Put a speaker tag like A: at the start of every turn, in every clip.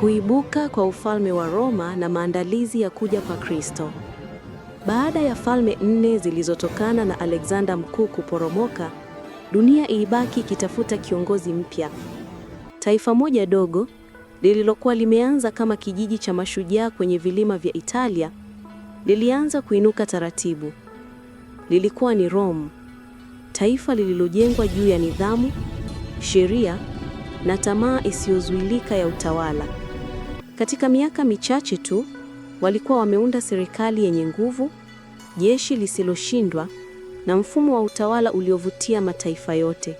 A: Kuibuka kwa ufalme wa Roma na maandalizi ya kuja kwa Kristo. Baada ya falme nne zilizotokana na Alexander Mkuu kuporomoka, dunia ilibaki ikitafuta kiongozi mpya. Taifa moja dogo lililokuwa limeanza kama kijiji cha mashujaa kwenye vilima vya Italia lilianza kuinuka taratibu. Lilikuwa ni Rome, taifa lililojengwa juu ya nidhamu, sheria na tamaa isiyozuilika ya utawala. Katika miaka michache tu walikuwa wameunda serikali yenye nguvu, jeshi lisiloshindwa na mfumo wa utawala uliovutia mataifa yote.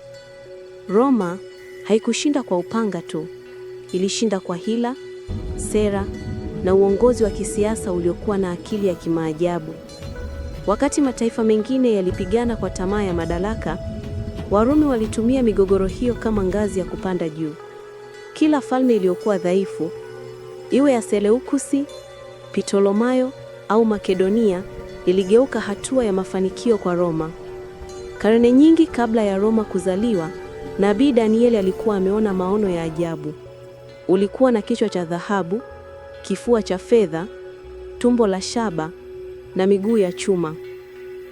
A: Roma haikushinda kwa upanga tu, ilishinda kwa hila, sera na uongozi wa kisiasa uliokuwa na akili ya kimaajabu. Wakati mataifa mengine yalipigana kwa tamaa ya madaraka, Warumi walitumia migogoro hiyo kama ngazi ya kupanda juu. Kila falme iliyokuwa dhaifu iwe ya Seleukusi, Ptolemayo au Makedonia, iligeuka hatua ya mafanikio kwa Roma. Karne nyingi kabla ya Roma kuzaliwa, nabii Danieli alikuwa ameona maono ya ajabu. Ulikuwa na kichwa cha dhahabu, kifua cha fedha, tumbo la shaba na miguu ya chuma.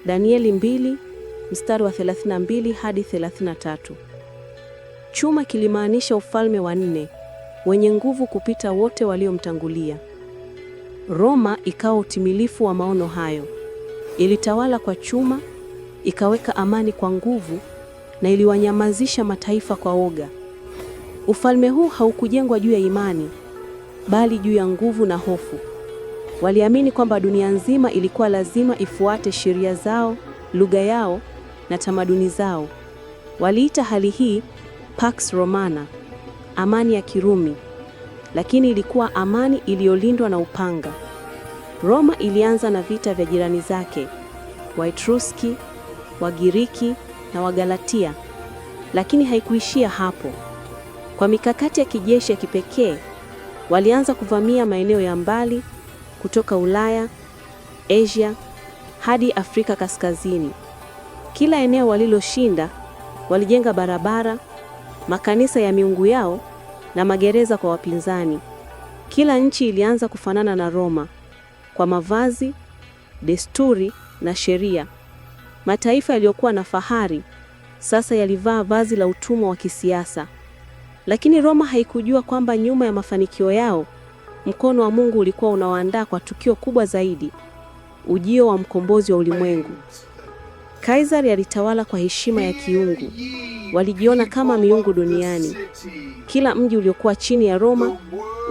A: Danieli mbili, mstari wa 32 hadi 33. Chuma kilimaanisha ufalme wa nne, wenye nguvu kupita wote waliomtangulia. Roma ikawa utimilifu wa maono hayo. Ilitawala kwa chuma, ikaweka amani kwa nguvu, na iliwanyamazisha mataifa kwa woga. Ufalme huu haukujengwa juu ya imani, bali juu ya nguvu na hofu. Waliamini kwamba dunia nzima ilikuwa lazima ifuate sheria zao, lugha yao na tamaduni zao. Waliita hali hii Pax Romana amani ya Kirumi, lakini ilikuwa amani iliyolindwa na upanga. Roma ilianza na vita vya jirani zake, Waetruski, Wagiriki na Wagalatia, lakini haikuishia hapo. Kwa mikakati ya kijeshi ya kipekee, walianza kuvamia maeneo ya mbali kutoka Ulaya, Asia hadi Afrika Kaskazini. Kila eneo waliloshinda, walijenga barabara, makanisa ya miungu yao na magereza kwa wapinzani. Kila nchi ilianza kufanana na Roma kwa mavazi, desturi na sheria. Mataifa yaliyokuwa na fahari sasa yalivaa vazi la utumwa wa kisiasa. Lakini Roma haikujua kwamba nyuma ya mafanikio yao mkono wa Mungu ulikuwa unawaandaa kwa tukio kubwa zaidi, ujio wa mkombozi wa ulimwengu. Kaisari alitawala kwa heshima ya kiungu. Walijiona kama miungu duniani. Kila mji uliokuwa chini ya Roma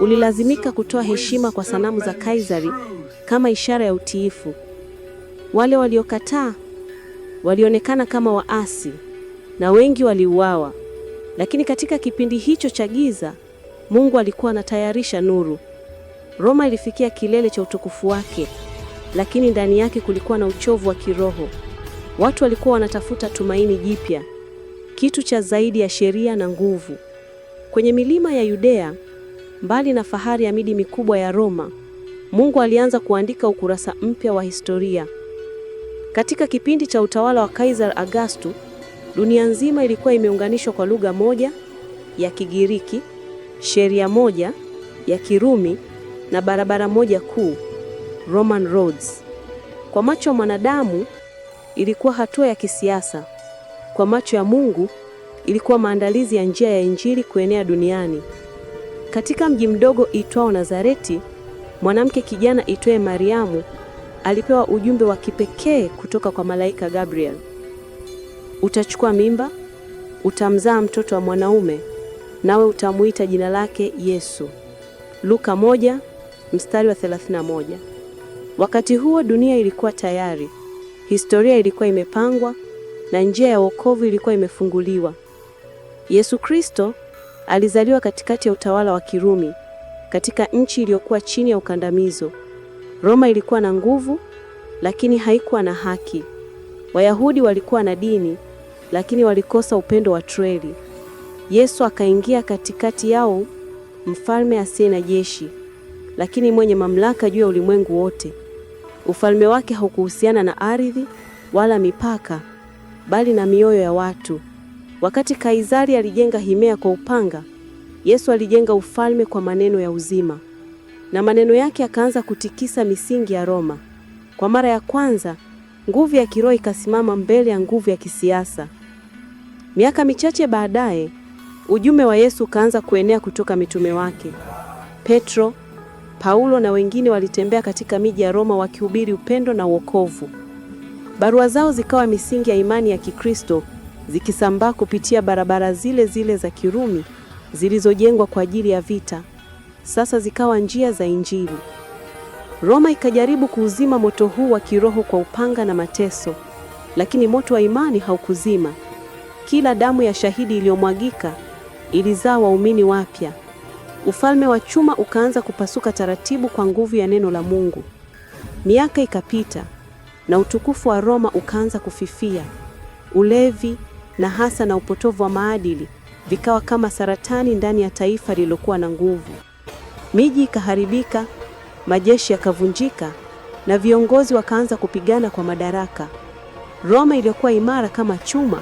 A: ulilazimika kutoa heshima kwa sanamu za Kaisari kama ishara ya utiifu. Wale waliokataa walionekana kama waasi na wengi waliuawa. Lakini katika kipindi hicho cha giza, Mungu alikuwa anatayarisha nuru. Roma ilifikia kilele cha utukufu wake, lakini ndani yake kulikuwa na uchovu wa kiroho. Watu walikuwa wanatafuta tumaini jipya, kitu cha zaidi ya sheria na nguvu. Kwenye milima ya Yudea, mbali na fahari ya miji mikubwa ya Roma, Mungu alianza kuandika ukurasa mpya wa historia. Katika kipindi cha utawala wa Kaisar Augustus, dunia nzima ilikuwa imeunganishwa kwa lugha moja ya Kigiriki, sheria moja ya Kirumi na barabara moja kuu, Roman roads. Kwa macho ya mwanadamu ilikuwa hatua ya kisiasa. Kwa macho ya Mungu, ilikuwa maandalizi ya njia ya injili kuenea duniani. Katika mji mdogo itwao Nazareti, mwanamke kijana itwaye Mariamu alipewa ujumbe wa kipekee kutoka kwa malaika Gabriel: utachukua mimba, utamzaa mtoto wa mwanaume, nawe utamuita jina lake Yesu. Luka moja mstari wa 31. Wakati huo dunia ilikuwa tayari Historia ilikuwa imepangwa na njia ya wokovu ilikuwa imefunguliwa. Yesu Kristo alizaliwa katikati ya utawala wa Kirumi katika nchi iliyokuwa chini ya ukandamizo. Roma ilikuwa na nguvu lakini haikuwa na haki. Wayahudi walikuwa na dini lakini walikosa upendo wa treli Yesu akaingia katikati yao, mfalme asiye na jeshi, lakini mwenye mamlaka juu ya ulimwengu wote. Ufalme wake haukuhusiana na ardhi wala mipaka, bali na mioyo ya watu. Wakati Kaisari alijenga himea kwa upanga, Yesu alijenga ufalme kwa maneno ya uzima, na maneno yake yakaanza kutikisa misingi ya Roma. Kwa mara ya kwanza, nguvu ya kiroho ikasimama mbele ya nguvu ya kisiasa. Miaka michache baadaye, ujume wa Yesu ukaanza kuenea kutoka mitume wake Petro Paulo na wengine walitembea katika miji ya Roma wakihubiri upendo na wokovu. Barua zao zikawa misingi ya imani ya Kikristo, zikisambaa kupitia barabara zile zile za Kirumi zilizojengwa kwa ajili ya vita, sasa zikawa njia za Injili. Roma ikajaribu kuuzima moto huu wa kiroho kwa upanga na mateso, lakini moto wa imani haukuzima. Kila damu ya shahidi iliyomwagika ilizaa waumini wapya. Ufalme wa chuma ukaanza kupasuka taratibu kwa nguvu ya neno la Mungu. Miaka ikapita na utukufu wa Roma ukaanza kufifia. Ulevi na hasa na upotovu wa maadili vikawa kama saratani ndani ya taifa lililokuwa na nguvu. Miji ikaharibika, majeshi yakavunjika na viongozi wakaanza kupigana kwa madaraka. Roma iliyokuwa imara kama chuma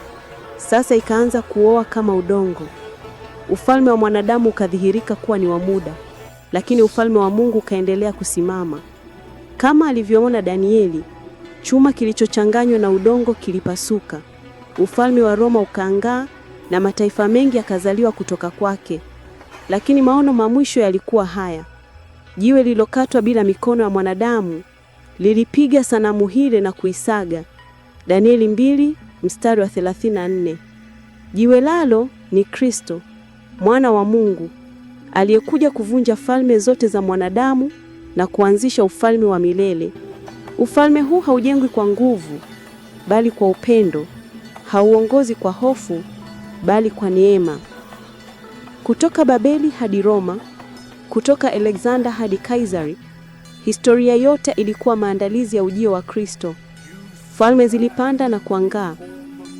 A: sasa ikaanza kuoa kama udongo. Ufalme wa mwanadamu ukadhihirika kuwa ni wa muda, lakini ufalme wa Mungu ukaendelea kusimama. Kama alivyoona Danieli, chuma kilichochanganywa na udongo kilipasuka, ufalme wa Roma ukaangaa na mataifa mengi yakazaliwa kutoka kwake. Lakini maono mamwisho yalikuwa haya: jiwe lilokatwa bila mikono ya mwanadamu lilipiga sanamu hile na kuisaga. Danieli mbili mstari wa 34. Jiwe lalo ni Kristo mwana wa Mungu aliyekuja kuvunja falme zote za mwanadamu na kuanzisha ufalme wa milele. Ufalme huu haujengwi kwa nguvu, bali kwa upendo. Hauongozi kwa hofu, bali kwa neema. Kutoka Babeli hadi Roma, kutoka Alexander hadi Kaisari, historia yote ilikuwa maandalizi ya ujio wa Kristo. Falme zilipanda na kuangaa,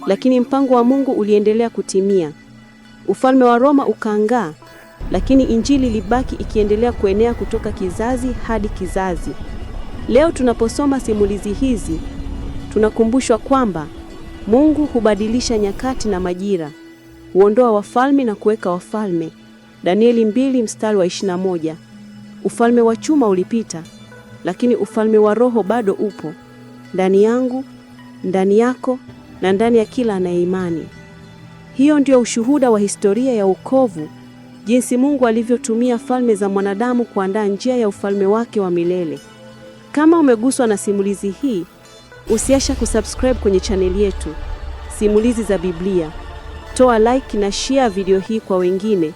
A: lakini mpango wa Mungu uliendelea kutimia. Ufalme wa Roma ukaangaa, lakini injili ilibaki ikiendelea kuenea kutoka kizazi hadi kizazi. Leo tunaposoma simulizi hizi, tunakumbushwa kwamba Mungu hubadilisha nyakati na majira, huondoa wafalme na kuweka wafalme. Danieli mbili mstari wa moja. Ufalme wa chuma ulipita, lakini ufalme wa Roho bado upo ndani yangu, ndani yako na ndani ya kila anayeimani. Hiyo ndio ushuhuda wa historia ya wokovu, jinsi Mungu alivyotumia falme za mwanadamu kuandaa njia ya ufalme wake wa milele. Kama umeguswa na simulizi hii, usiache kusubscribe kwenye chaneli yetu Simulizi za Biblia. Toa like na share video hii kwa wengine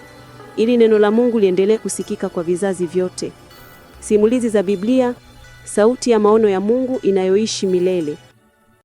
A: ili neno la Mungu liendelee kusikika kwa vizazi vyote. Simulizi za Biblia, sauti ya maono ya Mungu inayoishi milele.